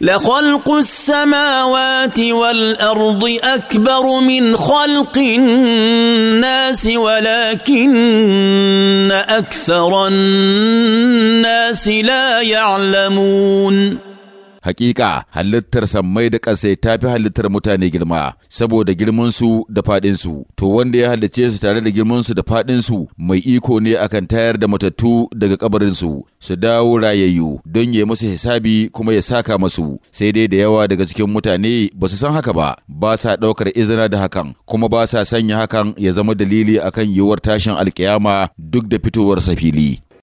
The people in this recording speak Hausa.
لخلق السماوات والارض اكبر من خلق الناس ولكن اكثر الناس لا يعلمون hakika halittar sammai da ƙasai ta fi halittar mutane girma saboda girmansu da faɗinsu to wanda ya halicce su tare da girmansu da faɗinsu mai iko ne akan tayar da matattu daga kabarinsu su dawo rayayyu don ya musu hisabi kuma ya saka masu sai dai da yawa daga cikin mutane ba su san haka ba ba sa ɗaukar izina da hakan kuma ba sa sanya hakan ya zama dalili akan yiwuwar tashin alkiyama duk da fitowar safili